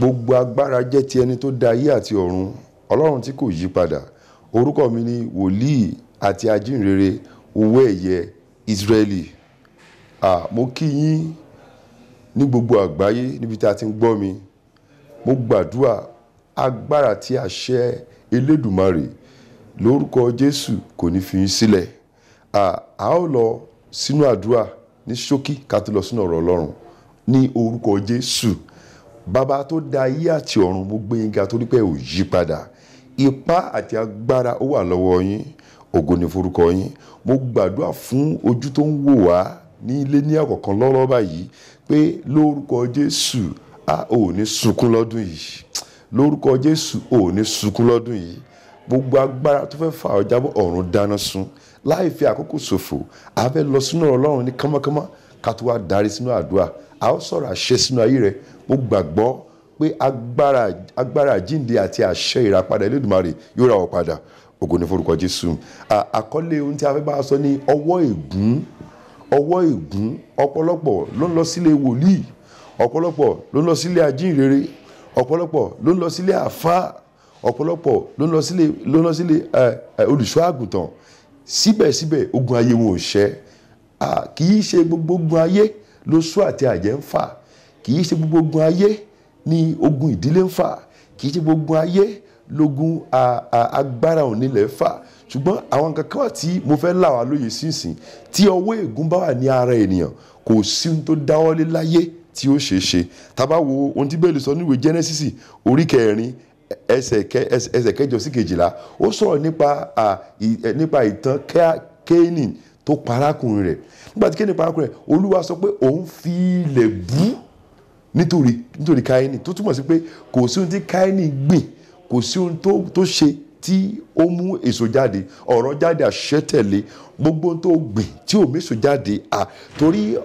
gbogbo agbára jẹ́ ti ẹni tó dá ayé àti ọ̀run ọlọ́run tí kò yí padà orúkọ mi ni wòlíì àti ajínrere owó ẹ̀yẹ Israeli à mo kí yín ní gbogbo àgbáyé níbi tá a ti ń gbọ́ mi mo gbàdúrà agbára tí àṣẹ Elédùmarè lórúkọ Jésù kò ní fi yín sílẹ̀ à a ó lọ sínú àdúrà ní ṣókí ká tó lọ sínú ọ̀rọ̀ ọlọ́run ní orúkọ Jésù bàbá tó dá ayé àti ọ̀run mo gbé yín ga torí pé ò yí padà ipá àti agbára ó wà lọ́wọ́ yín ògo ni forúkọ yín mo gbàdúrà fún ojú tó ń wò wá ní ilé ní àkọ́kọ́ lọ́rọ́ báyìí pé lórúkọ Jésù a ò ní sunkún lọ́dún yìí lórúkọ Jésù ò ní sunkún lọ́dún yìí gbogbo agbára tó fẹ́ fà ọ́ jábọ́ ọ̀run dáná sun láì fi àkókò ṣòfò a lọ sínú ọ̀rọ̀ Ọlọ́run ní kánmọ́kánmọ́ ká tó wá darí sínú àdúrà a ó sọ̀rọ̀ àṣẹ sínú ayé rẹ mo gbàgbọ́ pé agbára agbára àjíǹde àti àṣẹ ìràpadà Elédùmarè yóò ra ọ padà ògo ní forúkọ Jésù àkọlé ohun tí a fẹ́ bá a sọ ní ọwọ́ ègún ọwọ́ ègún ọ̀pọ̀lọpọ̀ ló ń lọ sílé wòlíì ọ̀pọ̀lọpọ̀ ló ń lọ sílé ajínrere ọ̀pọ̀lọpọ̀ ló ń lọ sílé àfáà ọ̀pọ̀lọpọ̀ ló ń lọ sílé olùṣọ́ àgùntàn síbẹ̀síbẹ̀ ogun ayé wọn ò ṣẹ́ kì í ṣe gbogbo ayé ló sú àti àjẹ́ ń fà kì ṣe gbogbo ayé ni ogun ìdílé ń fà kì í ṣe gbogbo ayé lógun agbára onílẹ̀ fà ṣùgbọ́n àwọn nǹkan kan tí mo fẹ́ là wá lóye sínsìn tí ọwọ́ ègún bá wà ní ara ènìyàn kò sí ohun tó dáwọ́lé láyé tí ó ṣeé ṣe tá bá wo ohun tí Bíbélì sọ níwèé Genesis orí kẹrin ẹsẹ̀ kẹjọ sí kejìlá ó sọ̀rọ̀ nípa ìtàn Kéènì tó pa arákùnrin rẹ̀ nígbà tí kéde pa arákùnrin rẹ̀ olúwa sọ pé òun fi ilẹ̀ bú nítorí nítorí káyínì tó túmọ̀ sí pé kò sí ohun tí káyínì gbìn kò sí ohun tó ṣe tí ó mú èso jáde ọ̀rọ̀ jáde àṣẹ́tẹ̀lé gbogbo ohun tó gbìn tí ò méso jáde à torí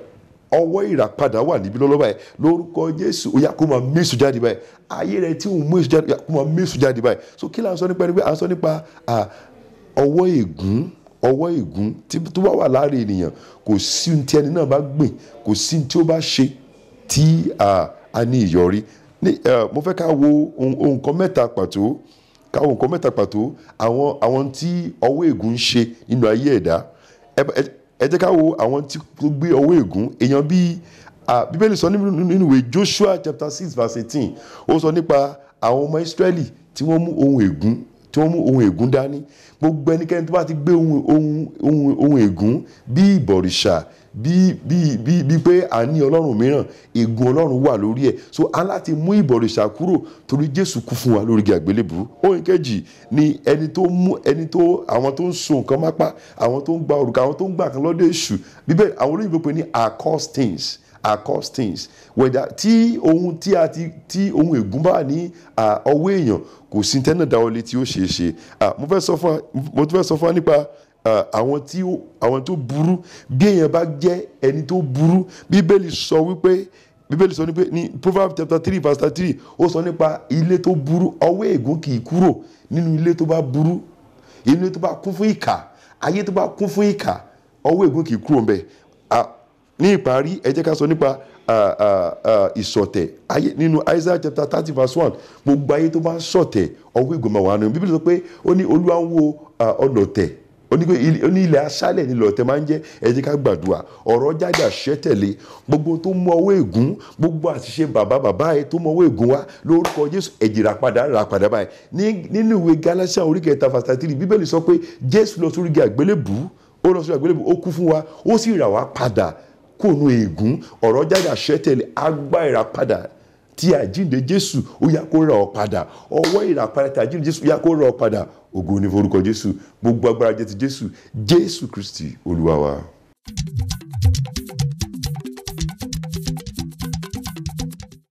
ọwọ́ ìràpadà wà níbí lọ́lọ́ báyìí lórúkọ Jésù ó yá kó máa méso jáde báyìí ayé rẹ tí òun mú èso jáde ó yá kó máa méso jáde báyìí so kí là ń sọ nípa ẹni pé à ń sọ nípa ọwọ́ ègún ọwọ́ ègún tó bá wà lára ènìyàn kò sí ohun tí ẹni náà bá gbìn kò sí ohun tí ó bá ṣe tí a ní ìyọrí mo fẹ́ ká wo ohun kan mẹ́ta pàtó ká wo nǹkan mẹ́ta pàtó àwọn àwọn tí ọwọ́ ègún ń ṣe nínú ayé ẹ̀dá ẹ jẹ́ ká wo àwọn tí ó gbé ọwọ́ ègún èèyàn bíi bíbélì sọ nínú ìwé Joshua chapter six verse eighteen ó sọ nípa àwọn ọmọ Israẹli tí wọ́n mú ohun ègún tí wọ́n mú ohun ègún dání gbogbo ẹnikẹ́ni tó bá ti gbé ohun ègún bí ìbọ̀rìṣà bí bí bí bí a ní ọlọ́run mìíràn ègún ọlọ́run wà lórí ẹ̀ so a láti mú ìbọ̀rìṣà kúrò torí jésù kú fún wa lórí àgbélébùú ohun kejì ni ẹni tó mú ẹni tó àwọn tó ń so nǹkan mápá àwọn tó ń gba òrùka àwọn tó ń gbà kan lọ́dọ̀ èṣù bíbẹ̀ àwọn olóyìnbó pè ní accostings across things whether tí ohun tí a ti tí ohun ègún bá ní ọwọ́ èèyàn kò sí tẹ́nà dáwọ́ lé tí ó ṣeé ṣe mo fẹ́ sọ fún mo tún fẹ́ sọ fún wa nípa àwọn tí àwọn tó burú bí èèyàn bá jẹ́ ẹni tó burú bíbélì sọ wípé bíbélì sọ wípé ní proverbs chapter three verse thirty three ó sọ nípa ilé tó burú ọwọ́ ègún kì í kúrò nínú ilé tó bá burú ilé tó bá kún fún ìkà ayé tó bá kún fún ìkà ọwọ́ ègún kì í kúrò ńbẹ̀ ní ìparí ẹ jẹ́ ká sọ nípa ìṣọ̀tẹ̀ nínú Isaiah chapter thirty verse one gbogbo ayé tó bá ń ṣọ̀tẹ̀ ọwọ́ ìgbìmọ̀ wà nù bíbélì sọ pé ó ní olúwa ń wo ọlọ̀tẹ̀ ó ní ilẹ̀ aṣálẹ̀ nílò ọ̀tẹ̀ máa ń jẹ́ ẹ jẹ́ ká gbàdúrà ọ̀rọ̀ jáde àṣẹ́tẹ̀lé gbogbo tó mú ọwọ́ ègún gbogbo àṣìṣe bàbá bàbá ẹ tó mú ọwọ́ ègún wá lórúkọ jésù ẹ̀jẹ̀ ràpadà ràpadà báyìí nínú ìwé galatian kóònù ègún ọ̀rọ̀ jáde àṣẹ́tẹ̀lẹ̀ agbá ìràpadà tí àjíǹde jésù ó yá kó ra ọ padà ọwọ́ ìràpadà tí àjíǹde jésù ó yá kó ra ọ padà ògo ni forúkọ jésù gbogbo agbára jẹ́ ti jésù jésù kristi olúwa wa.